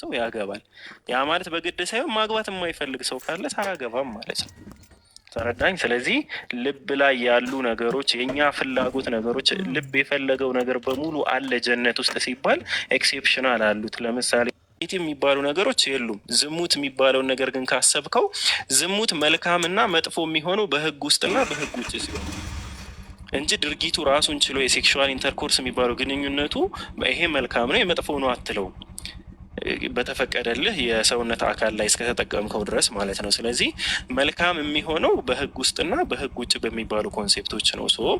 ሰው ያገባል። ያ ማለት በግድ ሳይሆን ማግባት የማይፈልግ ሰው ካለ ሳያገባም ማለት ነው። ተረዳኝ። ስለዚህ ልብ ላይ ያሉ ነገሮች የእኛ ፍላጎት ነገሮች ልብ የፈለገው ነገር በሙሉ አለ ጀነት ውስጥ ሲባል ኤክሴፕሽናል አሉት። ለምሳሌ ት የሚባሉ ነገሮች የሉም። ዝሙት የሚባለውን ነገር ግን ካሰብከው ዝሙት መልካምና መጥፎ የሚሆነው በህግ ውስጥና በህግ ውጭ ሲሆን እንጂ ድርጊቱ ራሱን ችሎ የሴክሽዋል ኢንተርኮርስ የሚባለው ግንኙነቱ ይሄ መልካም ነው የመጥፎ ነው አትለውም። በተፈቀደልህ የሰውነት አካል ላይ እስከተጠቀምከው ድረስ ማለት ነው። ስለዚህ መልካም የሚሆነው በህግ ውስጥና በህግ ውጭ በሚባሉ ኮንሴፕቶች ነው። ሶ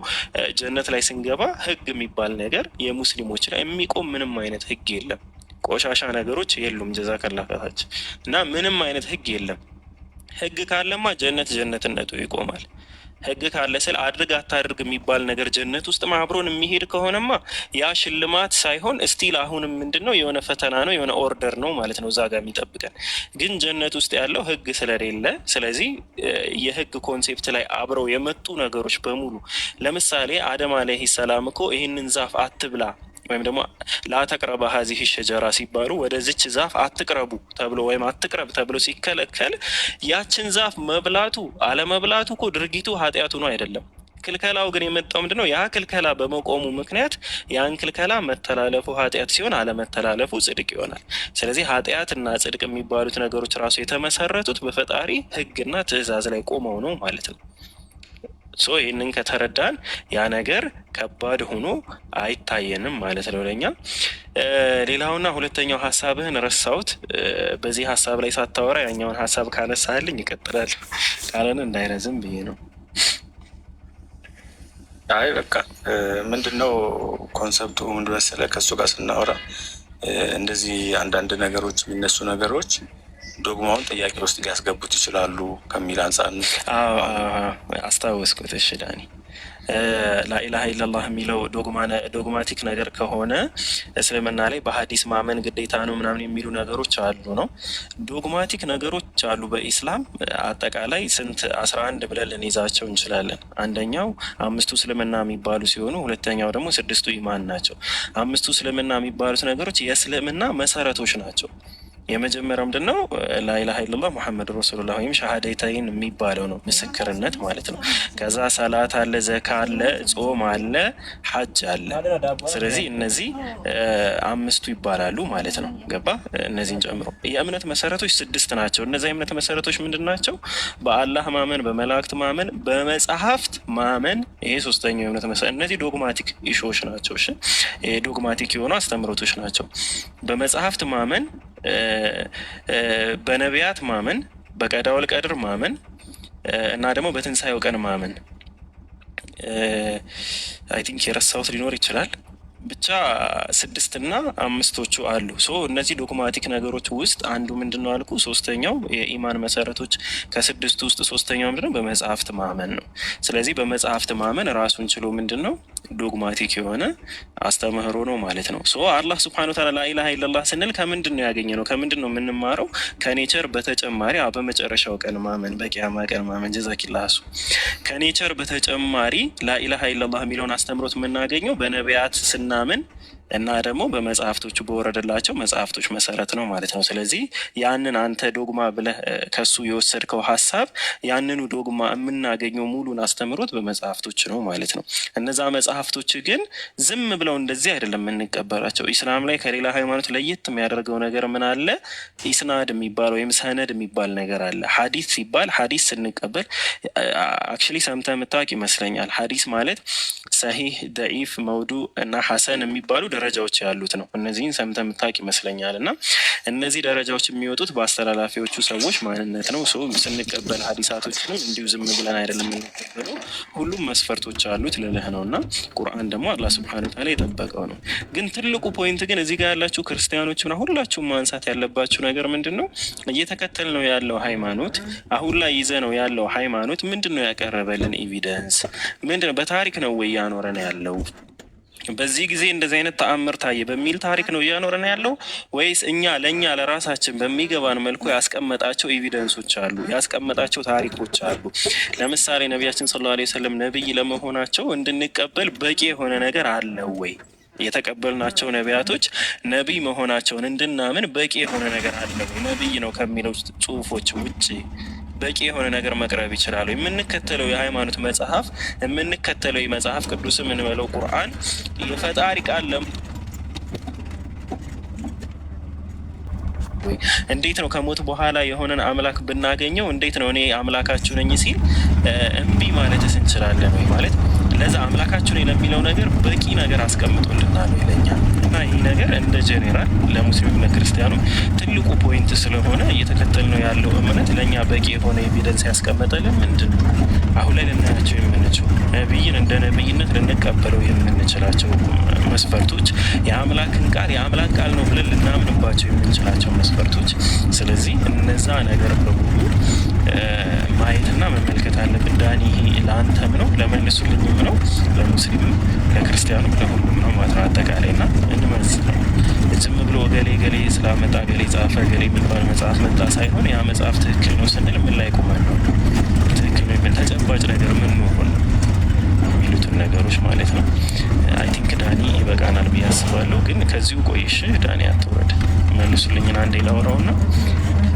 ጀነት ላይ ስንገባ ህግ የሚባል ነገር የሙስሊሞች ላይ የሚቆም ምንም አይነት ህግ የለም። ቆሻሻ ነገሮች የሉም። ጀዛከላህ እና ምንም አይነት ህግ የለም። ህግ ካለማ ጀነት ጀነትነቱ ይቆማል። ህግ ካለ ስል አድርግ አታድርግ የሚባል ነገር ጀነት ውስጥ አብሮን የሚሄድ ከሆነማ ያ ሽልማት ሳይሆን እስቲል አሁንም ምንድን ነው የሆነ ፈተና ነው የሆነ ኦርደር ነው ማለት ነው እዛ ጋር የሚጠብቀን። ግን ጀነት ውስጥ ያለው ህግ ስለሌለ፣ ስለዚህ የህግ ኮንሴፕት ላይ አብረው የመጡ ነገሮች በሙሉ ለምሳሌ አደም አለይሂ ሰላም እኮ ይህንን ዛፍ አትብላ ወይም ደግሞ ላተቅረበ ሀዚህ ሸጀራ ሲባሉ ወደዚች ዛፍ አትቅረቡ ተብሎ ወይም አትቅረብ ተብሎ ሲከለከል ያችን ዛፍ መብላቱ አለመብላቱ እኮ ድርጊቱ ኃጢአቱ ነው አይደለም። ክልከላው ግን የመጣው ምንድነው? ያ ክልከላ በመቆሙ ምክንያት ያን ክልከላ መተላለፉ ኃጢአት ሲሆን አለመተላለፉ ጽድቅ ይሆናል። ስለዚህ ኃጢአትና ጽድቅ የሚባሉት ነገሮች ራሱ የተመሰረቱት በፈጣሪ ሕግና ትእዛዝ ላይ ቆመው ነው ማለት ነው። ሶ ይህንን ከተረዳን ያ ነገር ከባድ ሆኖ አይታየንም ማለት ነው ለኛ። ሌላውና ሁለተኛው ሀሳብህን ረሳሁት። በዚህ ሀሳብ ላይ ሳታወራ ያኛውን ሀሳብ ካነሳልኝ ይቀጥላል። ካለን እንዳይረዝም ብዬ ነው። አይ በቃ ምንድነው ኮንሰፕቱ ምንድን መሰለህ፣ ከእሱ ጋር ስናወራ እንደዚህ አንዳንድ ነገሮች የሚነሱ ነገሮች ዶግማውን ጥያቄ ውስጥ ሊያስገቡት ይችላሉ ከሚል አንጻር አስታወስኩት። እሺ ዳኒ ላኢላሀ ኢለላህ የሚለው ዶግማቲክ ነገር ከሆነ እስልምና ላይ በሀዲስ ማመን ግዴታ ነው ምናምን የሚሉ ነገሮች አሉ ነው። ዶግማቲክ ነገሮች አሉ በኢስላም አጠቃላይ ስንት አስራ አንድ ብለን ልንይዛቸው እንችላለን። አንደኛው አምስቱ እስልምና የሚባሉ ሲሆኑ ሁለተኛው ደግሞ ስድስቱ ኢማን ናቸው። አምስቱ እስልምና የሚባሉት ነገሮች የእስልምና መሰረቶች ናቸው። የመጀመሪያው ምንድን ነው? ላኢላሀ ኢለላህ ሙሐመድ ረሱሉላ ወይም ሻሃደተይን የሚባለው ነው፣ ምስክርነት ማለት ነው። ከዛ ሰላት አለ፣ ዘካ አለ፣ ጾም አለ፣ ሐጅ አለ። ስለዚህ እነዚህ አምስቱ ይባላሉ ማለት ነው። ገባ? እነዚህን ጨምሮ የእምነት መሰረቶች ስድስት ናቸው። እነዚህ የእምነት መሰረቶች ምንድን ናቸው? በአላህ ማመን፣ በመላእክት ማመን፣ በመጽሐፍት ማመን። ይሄ ሶስተኛው የእምነት መሰረት። እነዚህ ዶግማቲክ ኢሾዎች ናቸው። ዶግማቲክ የሆኑ አስተምሮቶች ናቸው። በመጽሐፍት ማመን በነቢያት ማመን፣ በቀዳውል ቀድር ማመን እና ደግሞ በትንሣኤው ቀን ማመን። አይ ቲንክ የረሳሁት ሊኖር ይችላል። ብቻ ስድስት እና አምስቶቹ አሉ። ሶ እነዚህ ዶግማቲክ ነገሮች ውስጥ አንዱ ምንድን ነው አልኩ። ሶስተኛው የኢማን መሰረቶች ከስድስቱ ውስጥ ሶስተኛው ምንድነው? በመጽሐፍት ማመን ነው። ስለዚህ በመጽሐፍት ማመን ራሱን ችሎ ምንድን ነው ዶግማቲክ የሆነ አስተምህሮ ነው ማለት ነው። ሶ አላህ ስብሐነ ወተዓላ ላኢላሃ ኢለላህ ስንል ከምንድን ነው ያገኘ ነው? ከምንድን ነው የምንማረው? ከኔቸር በተጨማሪ በመጨረሻው ቀን ማመን፣ በቂያማ ቀን ማመን። ጀዛኪላሱ ከኔቸር በተጨማሪ ላኢላሃ ኢለላህ የሚለውን አስተምሮት የምናገኘው በነቢያት ስና ምናምን እና ደግሞ በመጽሐፍቶቹ በወረደላቸው መጽሐፍቶች መሰረት ነው ማለት ነው። ስለዚህ ያንን አንተ ዶግማ ብለህ ከሱ የወሰድከው ሀሳብ ያንኑ ዶግማ የምናገኘው ሙሉን አስተምሮት በመጽሐፍቶች ነው ማለት ነው። እነዛ መጽሐፍቶች ግን ዝም ብለው እንደዚህ አይደለም የምንቀበላቸው። ኢስላም ላይ ከሌላ ሃይማኖት ለየት የሚያደርገው ነገር ምን አለ? ኢስናድ የሚባል ወይም ሰነድ የሚባል ነገር አለ። ሀዲስ ሲባል ሀዲስ ስንቀበል አክቹዋሊ ሰምተህ የምታውቅ ይመስለኛል። ሀዲስ ማለት ሰሂህ፣ ደኢፍ፣ መውዱ እና ሀሰን የሚባሉ ደረጃዎች ያሉት ነው። እነዚህን ሰምተ ምታቅ ይመስለኛል። እና እነዚህ ደረጃዎች የሚወጡት በአስተላላፊዎቹ ሰዎች ማንነት ነው። ሰው ስንቀበል ሀዲሳቶችንም እንዲሁ ዝም ብለን አይደለም የምንቀበለው። ሁሉም መስፈርቶች አሉት ልልህ ነው። እና ቁርአን ደግሞ አላህ ስብሐነሁ ወተዓላ የጠበቀው ነው። ግን ትልቁ ፖይንት ግን እዚህ ጋር ያላችሁ ክርስቲያኖች ና ሁላችሁም ማንሳት ያለባችሁ ነገር ምንድን ነው? እየተከተል ነው ያለው ሃይማኖት፣ አሁን ላይ ይዘ ነው ያለው ሃይማኖት ምንድን ነው ያቀረበልን ኤቪደንስ ምንድን ነው? በታሪክ ነው ወይ ያኖረን ያለው በዚህ ጊዜ እንደዚህ አይነት ተአምር ታየ በሚል ታሪክ ነው እያኖረን ያለው ወይስ እኛ ለእኛ ለራሳችን በሚገባን መልኩ ያስቀመጣቸው ኤቪደንሶች አሉ፣ ያስቀመጣቸው ታሪኮች አሉ። ለምሳሌ ነቢያችን ሰለላሁ ዐለይሂ ወሰለም ነብይ ለመሆናቸው እንድንቀበል በቂ የሆነ ነገር አለ ወይ? የተቀበልናቸው ነቢያቶች ነቢይ መሆናቸውን እንድናምን በቂ የሆነ ነገር አለ ወይ? ነቢይ ነው ከሚለው ጽሁፎች ውጭ በቂ የሆነ ነገር መቅረብ ይችላሉ። የምንከተለው የሃይማኖት መጽሐፍ የምንከተለው የመጽሐፍ ቅዱስ የምንበለው ቁርአን የፈጣሪ ቃል ለም እንዴት ነው ከሞት በኋላ የሆነን አምላክ ብናገኘው እንዴት ነው እኔ አምላካችሁ ነኝ ሲል እምቢ ማለትስ እንችላለን ወይ? ማለት ለዛ አምላካችሁ ነኝ ለሚለው ነገር በቂ ነገር አስቀምጦልናል ይለኛል። ይህ ነገር እንደ ጀኔራል ለሙስሊም ለክርስቲያኑ ትልቁ ፖይንት ስለሆነ ነው ያለው እምነት ለእኛ በቂ የሆነ ኤቪደንስ ያስቀመጠልን ምንድን ነው አሁን ላይ ልናያቸው የምንችው ነቢይን እንደ ነቢይነት ልንቀበለው የምንችላቸው መስፈርቶች የአምላክን ቃል የአምላክ ቃል ነው ብለን ልናምንባቸው የምንችላቸው መስፈርቶች ስለዚህ እነዛ ነገር በሙሉ ማየትና መመልከት አለብን። ዳኒ ለአንተም ነው ለመለሱልኝም ነው ለሙስሊምም ለክርስቲያኑም ለሁሉም ነው ማለት ነው። አጠቃላይ ና እንመዝ ነው ዝም ብሎ ገሌ ገሌ ስላመጣ ገሌ ጻፈ ገሌ የሚባል መጽሐፍ መጣ ሳይሆን ያ መጽሐፍ ትክክል ነው ስንል ምን ላይ ቁማል ነው ትክክል ነው የሚል ተጨባጭ ነገር ምን ሆን የሚሉትን ነገሮች ማለት ነው። አይ ቲንክ ዳኒ ይበቃናል ብዬ አስባለሁ። ግን ከዚሁ ቆይሽ ዳኒ አትውረድ፣ መልሱልኝን አንዴ ና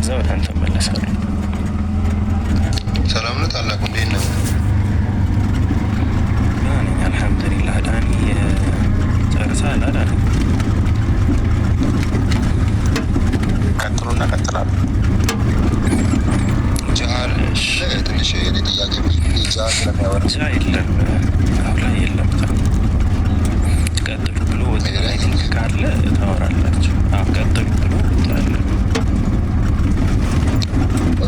እዛ ወደ አንተ መለሳለሁ። ሰላም ነው ታላቁ፣ እንዴት ነው? አልሐምዱሊላ። ዳኒ ጨርሳል? አዳኒ ቀጥሉና ቀጥላሉ። ጃል ትንሽ ጥያቄ ጃል ስለሚያወራ የለም፣ አሁን ላይ የለም። ቀጥሉ ብሎ ካለ ታወራላችሁ። ቀጥሉ ብሎ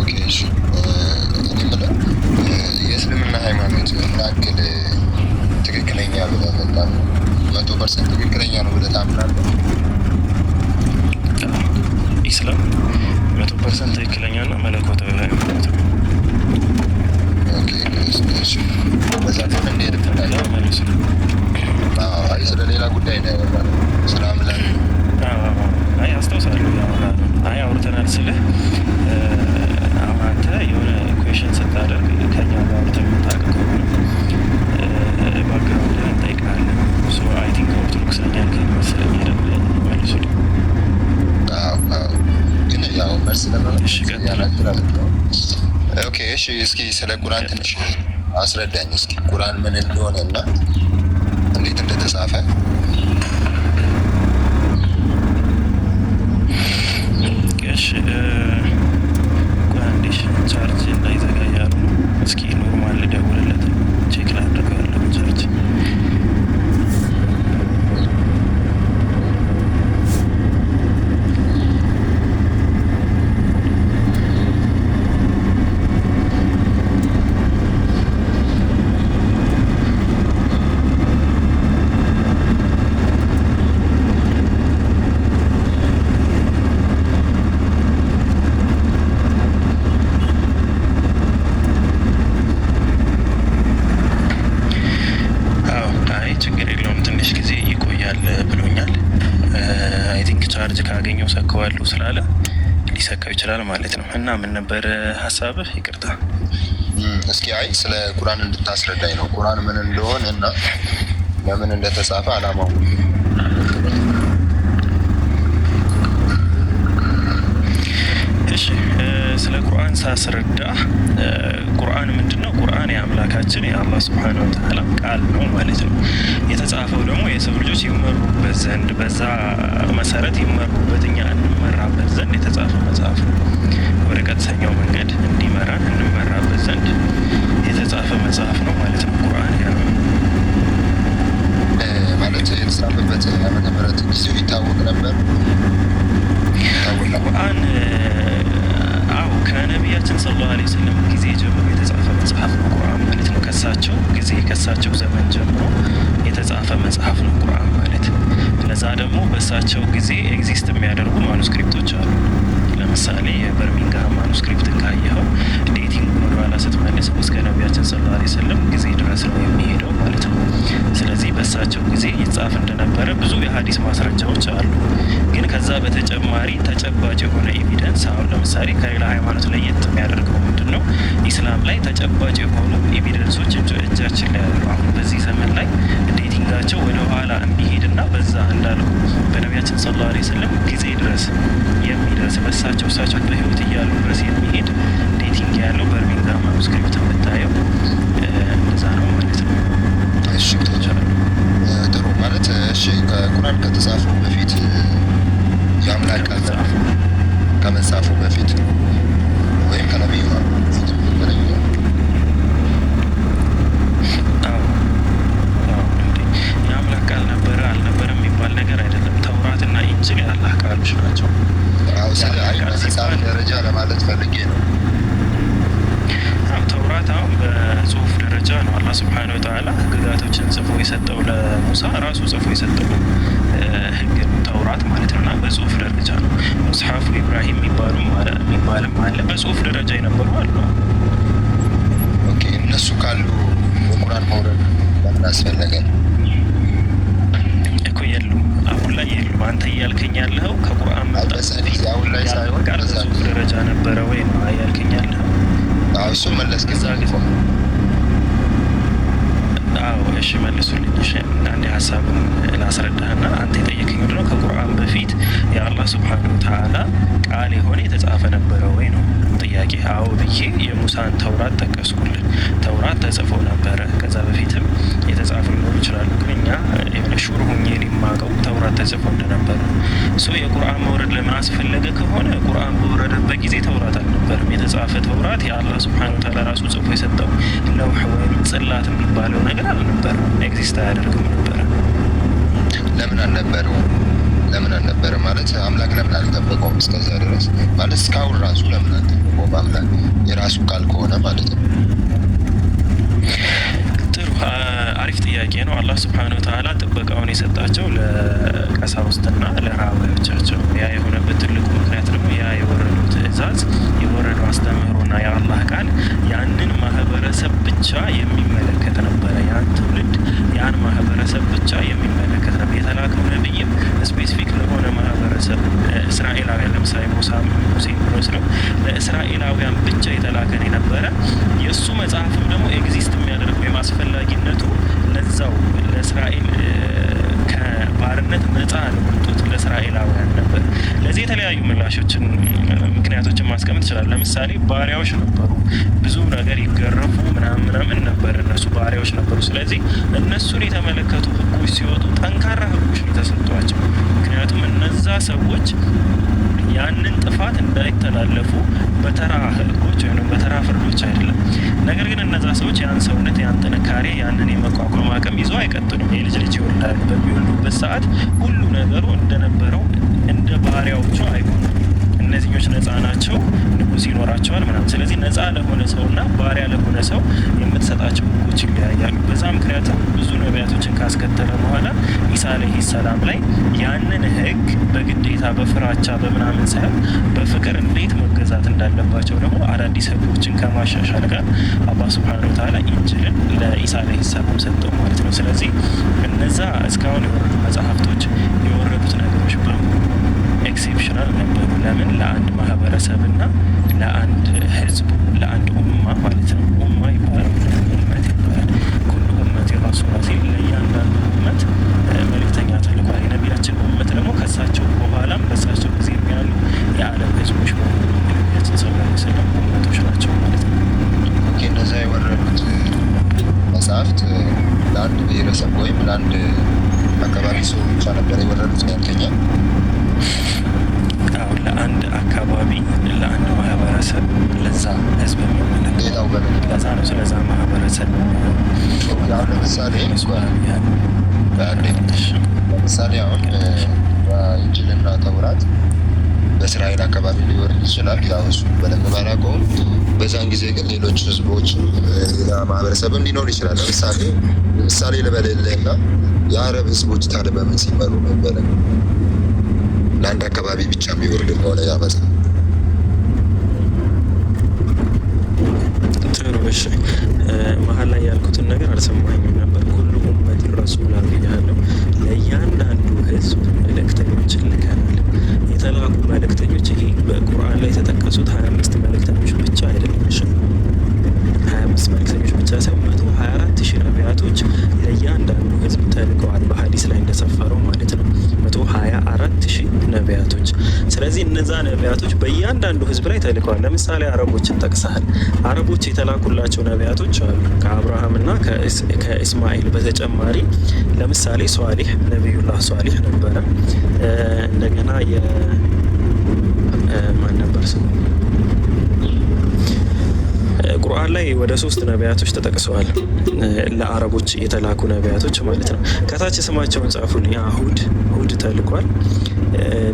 ኦኬ። እሺ የእስልምና ሃይማኖት ምናክል ትክክለኛ ብለህ መቶ ፐርሰንት ትክክለኛ ነው ብለህ ታምናለህ? ኢስላም መቶ ፐርሰንት ትክክለኛ እና መለኮታዊ ሃይማኖት ጉዳይ ነው አይ አስታውሳለሁ። አይ አውርተናል ስልህ አሁን አንተ የሆነ ኮሚኒኬሽን ስታደርግ ከኛ ጋር ተመጣቅ ከሆነ ባክግራውንድ እንጠይቃለን። አይ ቲንክ ኦርቶዶክስ ነኛል ከመሰለኝ አይደል መልሱ ግን ያው መልስ ኦኬ። እሺ እስኪ ስለ ቁራን ትንሽ አስረዳኝ እስኪ ቁራን ምን እንደሆነ እና እንዴት እንደተጻፈ እና ምን ነበር ሀሳብህ? ይቅርታ እስኪ አይ ስለ ቁርአን እንድታስረዳኝ ነው። ቁርአን ምን እንደሆነ እና ለምን እንደተጻፈ አላማው ስለ ቁርአን ሳስረዳ ቁርአን ምንድን ነው? ቁርአን የአምላካችን የአላህ ስብሓነ ወተዓላ ቃል ነው ማለት ነው። የተጻፈው ደግሞ የሰው ልጆች ይመሩበት ዘንድ በዛ መሰረት ይመሩበት እኛ እንመራበት ዘንድ የተጻፈ መጽሐፍ ነው። ወደ ቀጥተኛው መንገድ እንዲመራን እንመራበት ዘንድ የተጻፈ መጽሐፍ ነው ማለት ነው። ቁርአን ያ ማለት የተጻፈበት ዓመተ ምሕረት ጊዜው ይታወቅ ነበር። ቁርአን ከነቢያችን ሰለላሁ ዐለይሂ ወሰለም ጊዜ ጀምሮ የተጻፈ መጽሐፍ ነው ቁርአን ማለት ነው። ከሳቸው ጊዜ ከሳቸው ዘመን ጀምሮ የተጻፈ መጽሐፍ ነው ቁርአን ማለት። ለዛ ደግሞ በሳቸው ጊዜ ኤግዚስት የሚያደርጉ ማኑስክሪፕቶች አሉ። ለምሳሌ የበርሚንግሃም ማኑስክሪፕትን ካየኸው ዴቲንግ ወደኋላ ስትመልስ እስከ ነቢያችን ስለ ላ ስለም ጊዜ ድረስ ነው የሚሄደው ማለት ነው። ስለዚህ በሳቸው ጊዜ ይጻፍ እንደነበረ ብዙ የሀዲስ ማስረጃዎች አሉ። ግን ከዛ በተጨማሪ ተጨባጭ የሆነ ኤቪደንስ አሁን ለምሳሌ ከሌላ ሃይማኖት ለየት የሚያደርገው ምንድን ነው? ኢስላም ላይ ተጨባጭ የሆኑ ኤቪደንሶች እጃችን ላይ ያሉ አሁን በዚህ ዘመን ላይ ዴቲንጋቸው ወደ ኋላ እንዲሄድና በዛ እንዳለው በነቢያችን ስለ ላ ስለም ጊዜ ድረስ የሚደርስ በሳቸው ናቸው። እሳቸው በህይወት እያሉ ድረስ የሚሄድ ዴቲንግ ያለው በርሚንግሃም ማኑስክሪፕት ስክሪፕት የምታየው እንደዛ ነው ማለት ነው። እሺ ጥሩ ማለት እሺ፣ ቁርአን ከተጻፉ በፊት የአምላክ ቃል ከመጻፉ በፊት እሺ መልሱልኝ። እሺ አንድ ሀሳብን ላስረዳህና አንተ የጠየቀኝ ምንድን ከቁርአን በፊት የአላህ ስብሓነሁ ወተዓላ ቃል የሆነ የተጻፈ ነበረ ወይ ነው ጥያቄ አዎ ብዬ የሙሳን ተውራት ጠቀስኩልን። ተውራት ተጽፎ ነበረ። ከዛ በፊትም የተጻፉ ሊኖሩ ይችላሉ። ግን እኛ የሆነ ሹር ሁኜ የማውቀው ተውራት ተጽፎ እንደነበረ ሶ የቁርአን መውረድ ለምን አስፈለገ ከሆነ ቁርአን በወረደበት ጊዜ ተውራት አልነበርም። የተጻፈ ተውራት የአላህ ስብሐነሁ ወተዓላ ራሱ ጽፎ የሰጠው ለውሕ ወይም ጽላት የሚባለው ነገር አልነበረም። ኤግዚስት አያደርግም ነበረ። ለምን አልነበረው? ለምን አልነበረ ማለት አምላክ ለምን አልጠበቀውም? እስከዛ ድረስ ማለት እስካሁን ራሱ ለምን አልጠበቀውም? አምላክ የራሱ ቃል ከሆነ ማለት ነው። ጥሩ አሪፍ ጥያቄ ነው። አላህ ስብሐነሁ ወተዓላ ጥበቃውን የሰጣቸው ለቀሳውስትና ለራባዮቻቸው ያ የሆነበት ትልቁ የሰውነት ያን ጥንካሬ ያንን የመቋቋም አቅም ይዞ አይቀጥሉም። የልጅ ልጅ ይወልዳሉ። በሚወልዱበት ሰዓት ሁሉ ነገሩ እንደነበረው እንደ ባህሪያዎቹ አይሆንም። እነዚህኞች ነጻ ናቸው፣ ንጉስ ይኖራቸዋል ምናምን። ስለዚህ ነጻ ለሆነ ሰው እና ባሪያ ለሆነ ሰው የምትሰጣቸው ህጎች ይለያያሉ። በዛ ምክንያትም ብዙ ነቢያቶችን ካስከተለ በኋላ ኢሳ አለይሂ ሰላም ላይ ያንን ህግ በግዴታ በፍራቻ በምናምን ሳይሆን በፍቅር እንዴት መገዛት እንዳለባቸው ደግሞ አዳዲስ ህጎችን ከማሻሻል ጋር አላህ ሱብሓነሁ ወተዓላ ኢንጅልን ለኢሳ አለይሂ ሰላም ሰጠው ማለት ነው። ስለዚህ እነዛ እስካሁን የወረዱ መጽሐፍቶች የወረዱት ነገሮች በሙሉ ኤክሴፕሽናል ነበሩ። ለምን ለአንድ ማህበረሰብ እና ለአንድ ህዝብ ለአንድ ኡማ ማለት ነው። ኡማ ይባላል፣ ኡመት ይባላል። ኩሉ ኡመት የራሱ ራሴ ለእያንዳንዱ ሰዎች ሌላ ማህበረሰብም ሊኖር ይችላል። ለምሳሌ ምሳሌ ልበልልህና የአረብ ህዝቦች ታዲያ በምን ሲመሩ ነበረ? ለአንድ አካባቢ ብቻ የሚወርድ ከሆነ ያመጣ ትንሽ መሀል ላይ ያልኩትን ነገር አልሰማኝም ነበር። ሁሉ ኡመቲ ረሱል አድርጌሃለሁ። ለእያንዳንዱ ህዝብ መልእክተኞች ልከናል። የተላኩ መልእክተኞች ይሄ በቁርአን ላይ የተጠቀሱት ሀያ አምስት አምስት መልእክተኞች ብቻ ሳይሆን መቶ ሀያ አራት ሺህ ነቢያቶች ለእያንዳንዱ ህዝብ ተልከዋል። በሀዲስ ላይ እንደሰፈረው ማለት ነው። መቶ ሀያ አራት ሺህ ነቢያቶች። ስለዚህ እነዛ ነቢያቶች በእያንዳንዱ ህዝብ ላይ ተልከዋል። ለምሳሌ አረቦችን ጠቅሰሃል። አረቦች የተላኩላቸው ነቢያቶች አሉ ከአብርሃምና ከእስማኤል በተጨማሪ ለምሳሌ ሷሊህ ነቢዩላህ ሷሊህ ነበረ። እንደገና የማን ነበር ስሙ ቁርአን ላይ ወደ ሶስት ነቢያቶች ተጠቅሰዋል። ለአረቦች የተላኩ ነቢያቶች ማለት ነው። ከታች ስማቸውን ጻፉልኝ። ሁድ ሁድ ተልኳል።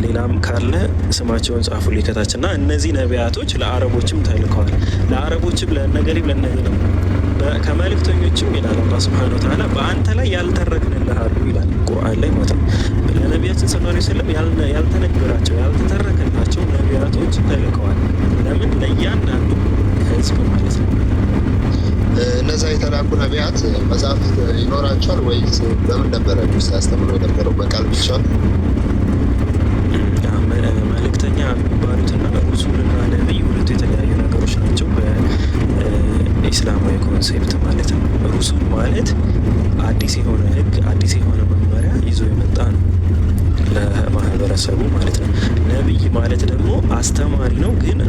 ሌላም ካለ ስማቸውን ጻፉልኝ ከታች እና እነዚህ ነቢያቶች ለአረቦችም ተልከዋል። ለአረቦችም ለነገሪም ለነዚህ ነው ከመልክተኞችም ይላል አላህ ስብሐነ ወተዓላ በአንተ ላይ ያልተረክንልሃሉ ይላል ቁርአን ላይ ማለት ነው። ለነቢያችን ሰለላሁ ዐለይሂ ወሰለም ያልተነገራቸው ያልተተረከላቸው ነቢያቶች ተልከዋል። ለምን ለእያንዳንዱ ፌስቡ ማለት ነው። እነዛ የተላኩ ነቢያት መጽሐፍ ይኖራቸዋል ወይስ በምን ነበረ ያስተምሮ የነበረው? በቃል ብቻ መልእክተኛ የሚባሉትና ሩሱልና ነቢይ ሁለቱ የተለያዩ ነገሮች ናቸው በኢስላማዊ ኮንሴፕት ማለት ነው። ሩሱል ማለት አዲስ የሆነ ህግ፣ አዲስ የሆነ መመሪያ ይዞ የመጣ ነው ለማህበረሰቡ ማለት ነው። ነቢይ ማለት ደግሞ አስተማሪ ነው ግን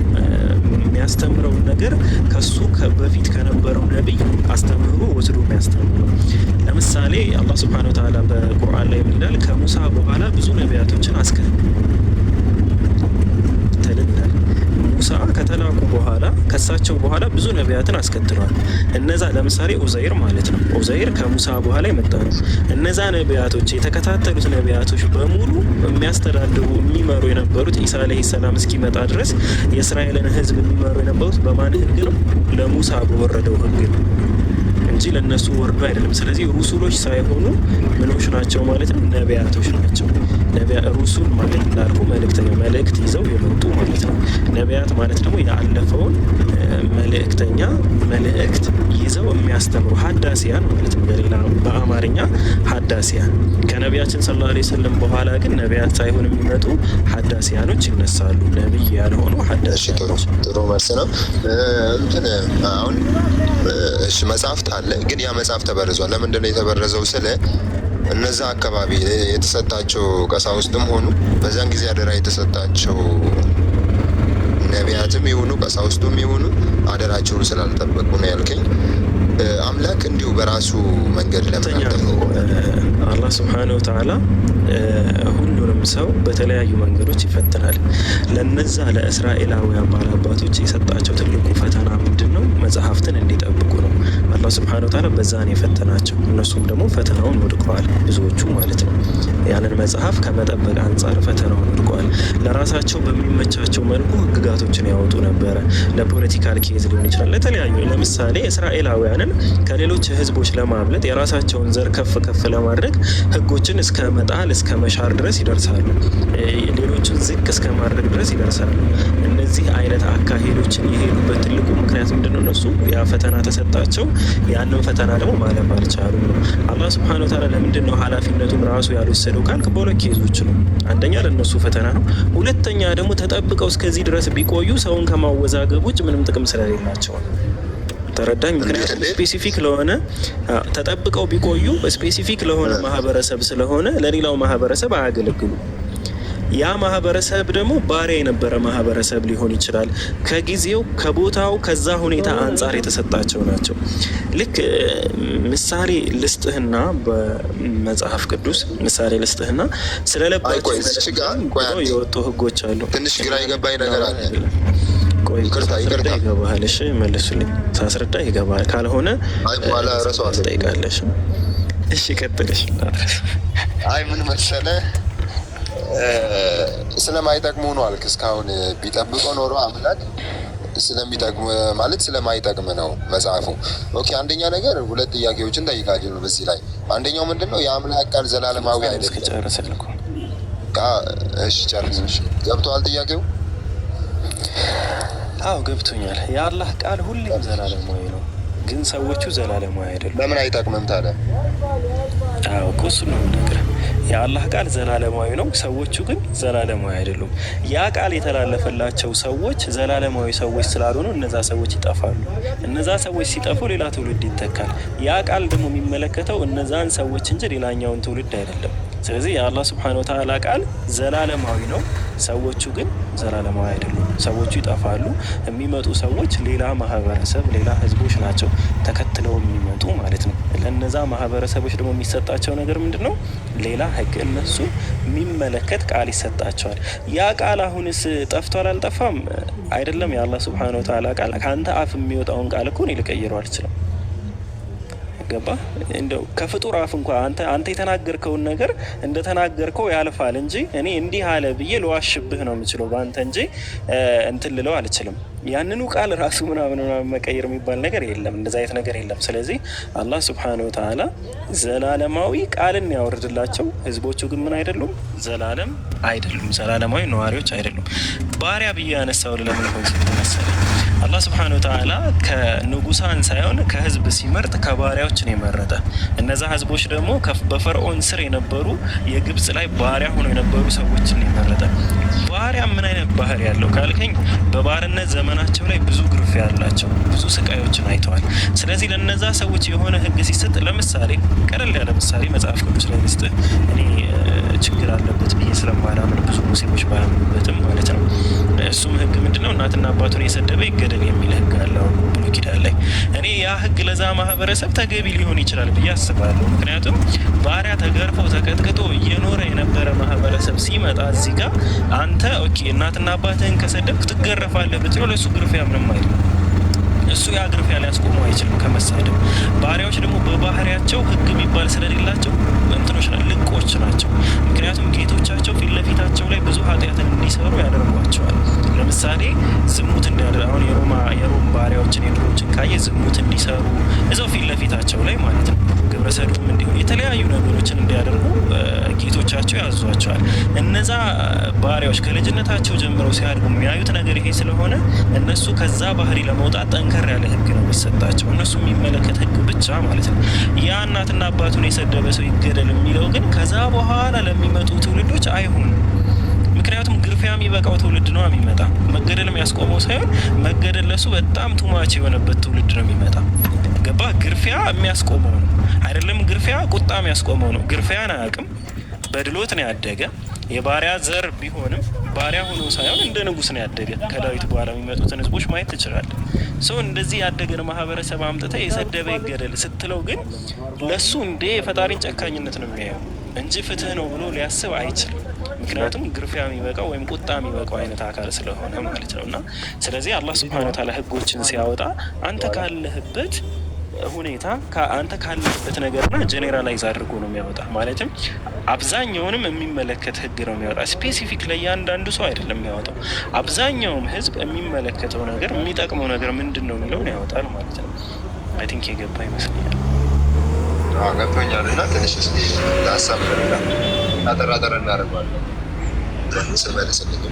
ከሱ በፊት ከነበረው ነቢይ አስተምህሮ ወስዶ የሚያስተምሩ ለምሳሌ አላህ ስብሐነ ወተዓላ በቁርአን ላይ ይላል ከሙሳ በኋላ ብዙ ነቢያቶችን አስከ ሙሳ ከተላኩ በኋላ ከሳቸው በኋላ ብዙ ነቢያትን አስከትሏል። እነዛ ለምሳሌ ኡዘይር ማለት ነው። ኡዘይር ከሙሳ በኋላ የመጣ ነው። እነዛ ነቢያቶች የተከታተሉት ነቢያቶች በሙሉ የሚያስተዳድሩ የሚመሩ የነበሩት ኢሳ አለህ ሰላም እስኪመጣ ድረስ የእስራኤልን ሕዝብ የሚመሩ የነበሩት በማን ሕግ ነው? ለሙሳ በወረደው ሕግ ነው እንጂ ለእነሱ ወርዶ አይደለም። ስለዚህ ሩሱሎች ሳይሆኑ ምኖች ናቸው ማለት ነው፣ ነቢያቶች ናቸው። ነቢያ ሩሱል ማለት እንዳልኩ መልእክተኛ መልእክት ይዘው የመጡ ማለት ነው። ነቢያት ማለት ደግሞ ያለፈውን መልእክተኛ መልእክት ይዘው የሚያስተምሩ ሀዳሲያን ማለት ነው። በሌላ በአማርኛ ሀዳሲያን ከነቢያችን ሰለላሁ ዐለይሂ ወሰለም በኋላ ግን ነቢያት ሳይሆን የሚመጡ ሀዳሲያኖች ይነሳሉ። ነቢይ ያልሆኑ ሀዳሲያኖች። ጥሩ መልስ ነው። እንትን አሁን መጽሐፍት አለ፣ ግን ያ መጽሐፍ ተበርዟል። ለምንድነው የተበረዘው ስለ እነዛ አካባቢ የተሰጣቸው ቀሳውስትም ሆኑ በዛን ጊዜ አደራ የተሰጣቸው ነቢያትም የሆኑ ቀሳውስቱም የሆኑ አደራቸውን ስላልጠበቁ ነው ያልከኝ። አምላክ እንዲሁ በራሱ መንገድ ለምን አላህ ስብሐነሁ ወተዓላ ሁሉንም ሰው በተለያዩ መንገዶች ይፈትናል። ለነዛ ለእስራኤላውያን ባላባቶች የሰጣቸው ትልቁ ፈተና ምንድን መጽሐፍትን እንዲጠብቁ ነው። አላህ ስብሐነ ወተዓላ በዛን የፈተናቸው እነሱም ደግሞ ፈተናውን ወድቀዋል፣ ብዙዎቹ ማለት ነው። ያንን መጽሐፍ ከመጠበቅ አንጻር ፈተናውን ወድቀዋል። ለራሳቸው በሚመቻቸው መልኩ ህግጋቶችን ያወጡ ነበረ። ለፖለቲካል ኬዝ ሊሆን ይችላል፣ ለተለያዩ ለምሳሌ እስራኤላውያንን ከሌሎች ህዝቦች ለማብለጥ የራሳቸውን ዘር ከፍ ከፍ ለማድረግ ህጎችን እስከ መጣል እስከ መሻር ድረስ ይደርሳሉ። ሌሎችን ዝቅ እስከ ማድረግ ድረስ ይደርሳሉ። እነዚህ አይነት አካሄዶችን የሄዱበት ትልቁ ምክንያት ምንድነው? እነሱ ያ ፈተና ተሰጣቸው። ያንን ፈተና ደግሞ ማለፍ አልቻሉ ነው። አላህ ስብሐነሁ ወተዓላ ለምንድን ነው ኃላፊነቱን ራሱ ያልወሰደው ካልክ በሁለት ኬዞች ነው። አንደኛ ለእነሱ ፈተና ነው። ሁለተኛ ደግሞ ተጠብቀው እስከዚህ ድረስ ቢቆዩ ሰውን ከማወዛገብ ውጭ ምንም ጥቅም ስለሌላቸው ነው። ተረዳኝ። ምክንያቱም ስፔሲፊክ ለሆነ ተጠብቀው ቢቆዩ ስፔሲፊክ ለሆነ ማህበረሰብ ስለሆነ ለሌላው ማህበረሰብ አያገለግሉም። ያ ማህበረሰብ ደግሞ ባሪያ የነበረ ማህበረሰብ ሊሆን ይችላል። ከጊዜው ከቦታው ከዛ ሁኔታ አንጻር የተሰጣቸው ናቸው። ልክ ምሳሌ ልስጥህና በመጽሐፍ ቅዱስ ምሳሌ ልስጥህና ስለለባቸው የወጡ ህጎች አሉ። ትንሽ ግራ የገባኝ ነገር አለ። ቆይ ሳስረዳ ይገባሃል። እሺ መልሱልኝ። ሳስረዳ ይገባሃል። ካልሆነ ትጠይቃለሽ። እሺ ቀጥልሽ። አይ ምን መሰለህ ስለማይጠቅሙ ነው አልክ። እስካሁን ቢጠብቆ ኖሮ አምላክ ስለሚጠቅም ማለት ስለማይጠቅም ነው መጽሐፉ። ኦኬ አንደኛ ነገር ሁለት ጥያቄዎችን ጠይቃለሁ በዚህ ላይ። አንደኛው ምንድን ነው የአምላክ ቃል ዘላለማዊ አይደለም። እሺ ጨርስ። ገብቶሃል ጥያቄው? አዎ ገብቶኛል። የአላህ ቃል ሁሌም ዘላለማዊ ነው። ግን ሰዎቹ ዘላለማዊ አይደሉም። ለምን አይጠቅምም ታዲያ? አዎ እኮ ነው የምነግርህ። የአላህ ቃል ዘላለማዊ ነው፣ ሰዎቹ ግን ዘላለማዊ አይደሉም። ያ ቃል የተላለፈላቸው ሰዎች ዘላለማዊ ሰዎች ስላልሆኑ እነዛ ሰዎች ይጠፋሉ። እነዛ ሰዎች ሲጠፉ ሌላ ትውልድ ይተካል። ያ ቃል ደግሞ የሚመለከተው እነዛን ሰዎች እንጂ ሌላኛውን ትውልድ አይደለም። ስለዚህ የአላህ ስብሐነ ወተዓላ ቃል ዘላለማዊ ነው። ሰዎቹ ግን ዘላለማዊ አይደሉም። ሰዎቹ ይጠፋሉ። የሚመጡ ሰዎች ሌላ ማህበረሰብ፣ ሌላ ህዝቦች ናቸው ተከትለው የሚመጡ ማለት ነው። ለነዛ ማህበረሰቦች ደግሞ የሚሰጣቸው ነገር ምንድን ነው? ሌላ ህግ፣ እነሱ የሚመለከት ቃል ይሰጣቸዋል። ያ ቃል አሁንስ ጠፍቷል? አልጠፋም አይደለም። የአላህ ስብሐነ ወተዓላ ቃል ከአንተ አፍ የሚወጣውን ቃል እኮ እኔ ልቀይረው አልችልም። ገባ እንደው ከፍጡር አፍ እንኳ አንተ አንተ የተናገርከውን ነገር እንደ ተናገርከው ያልፋል እንጂ እኔ እንዲህ አለ ብዬ ልዋሽብህ ነው የምችለው በአንተ እንጂ እንትን ልለው አልችልም። ያንኑ ቃል ራሱ ምናምን መቀየር የሚባል ነገር የለም። እንደዚ አይነት ነገር የለም። ስለዚህ አላህ ስብሐነሁ ወተዓላ ዘላለማዊ ቃልን ያወርድላቸው፣ ህዝቦቹ ግን ምን አይደሉም፣ ዘላለም አይደሉም፣ ዘላለማዊ ነዋሪዎች አይደሉም። ባሪያ ብዬ ያነሳው ለምን ኮንሴፕት መሰለኝ አላህ ስብሐነ ወተዓላ ከንጉሳን ሳይሆን ከህዝብ ሲመርጥ ከባሪያዎችን የመረጠ እነዛ ህዝቦች ደግሞ በፈርዖን ስር የነበሩ የግብጽ ላይ ባሪያ ሆነው የነበሩ ሰዎችን የመረጠ ባህሪያ ምን አይነት ባህሪ ያለው ካልከኝ በባህርነት ዘመናቸው ላይ ብዙ ግርፍ ያላቸው ብዙ ስቃዮችን አይተዋል። ስለዚህ ለነዛ ሰዎች የሆነ ህግ ሲሰጥ፣ ለምሳሌ ቀለል ያለ ምሳሌ መጽሐፍ ቅዱስ ላይ ስጥ እኔ ችግር አለበት ብዬ ስለማላምን ብዙ ሙሴዎች ባያምኑበትም ማለት ነው። እሱም ህግ ምንድነው? እናትና አባቱን የሰደበ ይገደል የሚል ህግ አለው ብሉይ ኪዳን ላይ። እኔ ያ ህግ ለዛ ማህበረሰብ ተገቢ ሊሆን ይችላል ብዬ አስባለሁ። ምክንያቱም ባህሪያ ተገርፎ ተቀጥቅጦ ቤተሰብ ሲመጣ እዚህ ጋር አንተ ኦኬ እናትና አባትህን ከሰደብክ ትገረፋለህ ብትለው ለእሱ ግርፊያ ምንም አይልም። እሱ ያ ግርፊያ ሊያስቆመው አይችልም ከመሳደብ። ባሪያዎች ደግሞ በባህሪያቸው ህግ የሚባል ስለሌላቸው እንትኖች ልቆች ናቸው። ምክንያቱም ጌቶቻቸው ፊት ለፊታቸው ላይ ብዙ ኃጢአትን እንዲሰሩ ያደርጓቸዋል። ለምሳሌ ዝሙት እንዲያደር አሁን የሮማ የሮም ባሪያዎችን የድሮችን ካየ ዝሙት እንዲሰሩ እዛው ፊት ለፊታቸው ላይ ማለት ነው። ግብረ ሰዶም እንዲሆን የተለያዩ ነገሮችን እንዲያደርጉ ጌቶቻቸው ያዟቸዋል። እነዛ ባሪያዎች ከልጅነታቸው ጀምረው ሲያድጉ የሚያዩት ነገር ይሄ ስለሆነ እነሱ ከዛ ባህሪ ለመውጣት ጠንከር ያለ ህግ ነው የሚሰጣቸው። እነሱ የሚመለከት ህግ ብቻ ማለት ነው። ያ እናትና አባቱን የሰደበ ሰው ይገደ እንችላለን የሚለው ግን ከዛ በኋላ ለሚመጡ ትውልዶች አይሆንም። ምክንያቱም ግርፊያ የሚበቃው ትውልድ ነው የሚመጣ። መገደል የሚያስቆመው ሳይሆን መገደል ለሱ በጣም ቱማች የሆነበት ትውልድ ነው የሚመጣ። ገባ? ግርፊያ የሚያስቆመው ነው አይደለም። ግርፊያ ቁጣ የሚያስቆመው ነው። ግርፊያን አያውቅም። በድሎት ነው ያደገ የባሪያ ዘር ቢሆንም ባሪያ ሆኖ ሳይሆን እንደ ንጉስ ነው ያደገ። ከዳዊት በኋላ የሚመጡትን ህዝቦች ማየት ትችላለ። ሰው እንደዚህ ያደገን ማህበረሰብ አምጥተ የሰደበ ይገደል ስትለው ግን ለሱ እንዴ የፈጣሪን ጨካኝነት ነው የሚያየው እንጂ ፍትህ ነው ብሎ ሊያስብ አይችልም። ምክንያቱም ግርፊያ የሚበቃው ወይም ቁጣ የሚበቃው አይነት አካል ስለሆነ ማለት ነው። እና ስለዚህ አላህ ስብሐነ ወተዓላ ህጎችን ሲያወጣ አንተ ካለህበት ሁኔታ አንተ ካለህበት ነገርና ጀኔራላይዝ አድርጎ ነው የሚያወጣ ማለትም አብዛኛውንም የሚመለከት ህግ ነው የሚያወጣ። ስፔሲፊክ ለእያንዳንዱ ሰው አይደለም የሚያወጣው። አብዛኛውም ህዝብ የሚመለከተው ነገር የሚጠቅመው ነገር ምንድን ነው የሚለውን ያወጣል ማለት ነው። አይ ቲንክ የገባ ይመስለኛል። ገብቶኛል። እና ትንሽ ለሀሳብ ፈልጋ አጠራጠር እናደርገዋለን ስመለስልኝ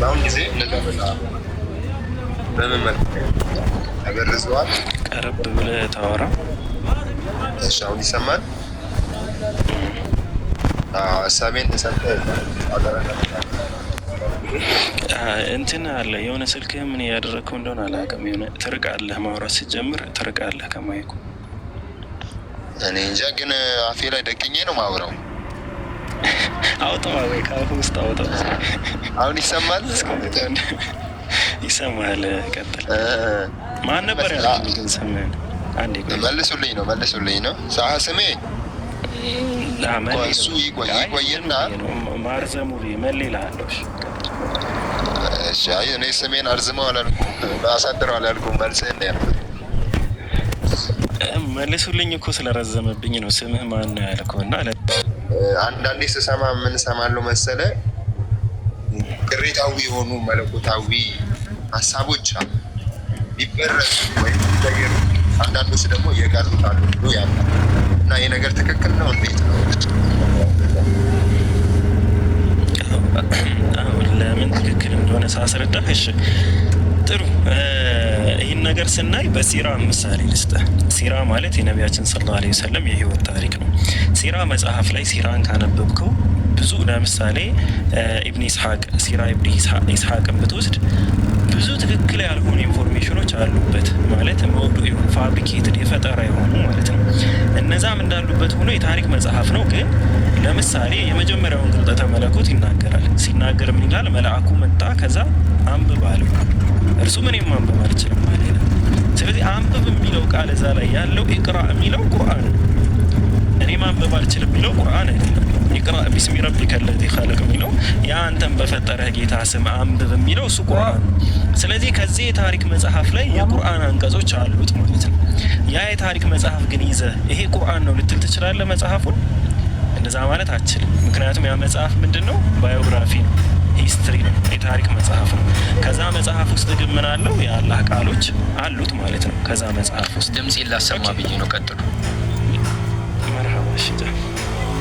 በአሁን ጊዜ ለጋበላ በመመልከት ነገር ርዘዋል። ቀረብ ብለህ ታወራ። እሺ አሁን ይሰማል። ሰሜን እንትን አለ የሆነ ስልክ ምን እያደረግከው እንደሆነ አላውቅም። የሆነ ትርቃለህ፣ ማውራት ስትጀምር ትርቃለህ ከማይኩ። እኔ እንጃ ግን አፌ ላይ ደቅኜ ነው ማውራው። አውጣዋ ወይ ከአፉ ውስጥ አውጣ። አሁን ይሰማል፣ ይሰማል። ቀጥል። ማን ነበር ያለ? ግን ስምህን አንዴ መልሱልኝ ነው መልሱልኝ ነው ሰሀ ስሜ እሱ ይቆይና ማርዘሙ ምን ሌላለሁ እኔ ስሜን አርዝመው አላልኩም፣ አሳድረው አላልኩም። መልስህ መልሱልኝ እኮ ስለረዘመብኝ ነው። ስምህ ማን ነው ያልከው? እና አንዳንዴ ስሰማ ምን ሰማለሁ መሰለ ቅሬታዊ የሆኑ መለኮታዊ ሀሳቦች አሉ ሊበረሱ ወይም ሊቀየሩ፣ አንዳንዶች ደግሞ እየቀሩታሉ ያለ እና ይሄ ነገር ትክክል ነው እንዴት ነው? ለምን ትክክል እንደሆነ ሳስረዳ፣ እሺ ጥሩ ይህን ነገር ስናይ በሲራ ምሳሌ ልስጠ። ሲራ ማለት የነቢያችን ሰለላሁ ዐለይሂ ወሰለም የህይወት ታሪክ ነው። ሲራ መጽሐፍ ላይ ሲራን ካነበብከው ብዙ ለምሳሌ ኢብን ኢስሐቅ ሲራ ኢብን ኢስሐቅን ብትወስድ ብዙ ትክክል ያልሆኑ ኢንፎርሜሽኖች አሉበት። ማለት መውዱ ፋብሪኬት ያለበት ሆኖ የታሪክ መጽሐፍ ነው። ግን ለምሳሌ የመጀመሪያውን ግልጠተ መለኮት ይናገራል። ሲናገር ምን ይላል? መልአኩ መጣ፣ ከዛ አንብብ አለው። እርሱም እኔም ማንበብ አልችልም አለ ስለዚህ አንብብ የሚለው ቃል እዛ ላይ ያለው ኢቅራ የሚለው ቁርአን ነው። እኔ ማንበብ አልችልም የሚለው ቁርአን አይደለም። ይቅራ ቢስሚ ረብከ ለዚ ኸለቅ የሚለው ያ አንተን በፈጠረህ ጌታ ስም አንብብ የሚለው እሱ ቁርአን። ስለዚህ ከዚህ የታሪክ መጽሐፍ ላይ የቁርአን አንቀጾች አሉት ማለት ነው። ያ የታሪክ መጽሐፍ ግን ይዘ ይሄ ቁርአን ነው ልትል ትችላለ መጽሐፉን? እንደዛ ማለት አችልም። ምክንያቱም ያ መጽሐፍ ምንድን ነው? ባዮግራፊ ነው፣ ሂስትሪ ነው፣ የታሪክ መጽሐፍ ነው። ከዛ መጽሐፍ ውስጥ ግን ምን አለው? የአላህ ቃሎች አሉት ማለት ነው። ከዛ መጽሐፍ ውስጥ ድምጽ ላሰማ ብዬ ነው። ቀጥሉ መርሃባ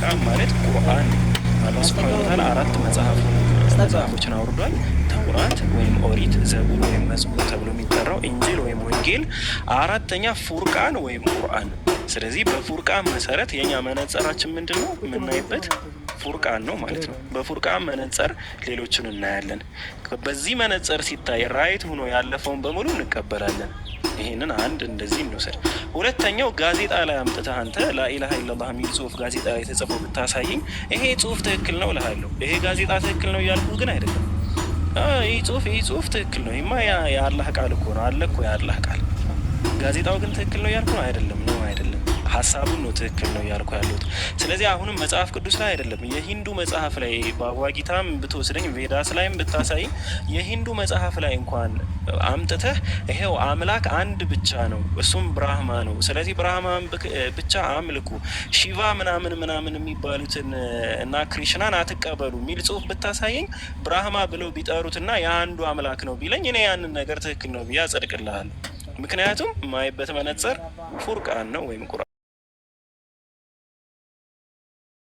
ኢስላም ማለት ቁርአን አላህ ስብሐነ ወተዓላ አራት መጽሐፍ መጽሐፎችን አውርዷል። ተውራት ወይም ኦሪት፣ ዘቡር ወይም መዝሙር ተብሎ የሚጠራው ኢንጂል ወይም ወንጌል፣ አራተኛ ፉርቃን ወይም ቁርአን። ስለዚህ በፉርቃን መሰረት የኛ መነጽራችን ምንድን ነው? የምናይበት ፉርቃን ነው ማለት ነው። በፉርቃን መነጽር ሌሎችን እናያለን። በዚህ መነጽር ሲታይ ራይት ሆኖ ያለፈውን በሙሉ እንቀበላለን። ይሄንን አንድ እንደዚህ እንውሰድ። ሁለተኛው ጋዜጣ ላይ አምጥተህ አንተ ላኢላሃ ኢለላህ የሚል ጽሁፍ ጋዜጣ ላይ ተጽፎ ብታሳይኝ ይሄ ጽሁፍ ትክክል ነው እልሃለሁ። ይሄ ጋዜጣ ትክክል ነው እያልኩ ግን አይደለም። ይህ ጽሁፍ ይህ ጽሁፍ ትክክል ነው፣ ይማ የአላህ ቃል እኮ ነው አለ እኮ የአላህ ቃል። ጋዜጣው ግን ትክክል ነው እያልኩ ነው አይደለም ነው ሀሳቡን ነው ትክክል ነው እያልኩ ያሉት። ስለዚህ አሁንም መጽሐፍ ቅዱስ ላይ አይደለም የሂንዱ መጽሐፍ ላይ በአዋጊታም ብትወስደኝ ቬዳስ ላይም ብታሳይ የሂንዱ መጽሐፍ ላይ እንኳን አምጥተህ ይሄው አምላክ አንድ ብቻ ነው፣ እሱም ብራህማ ነው። ስለዚህ ብራህማን ብቻ አምልኩ፣ ሺቫ ምናምን ምናምን የሚባሉትን እና ክሪሽናን አትቀበሉ የሚል ጽሁፍ ብታሳየኝ ብራህማ ብለው ቢጠሩትና የአንዱ አምላክ ነው ቢለኝ እኔ ያንን ነገር ትክክል ነው ብዬ አጸድቅልሃለሁ። ምክንያቱም ማይበት መነጽር ፉርቃን ነው ወይም ቁራ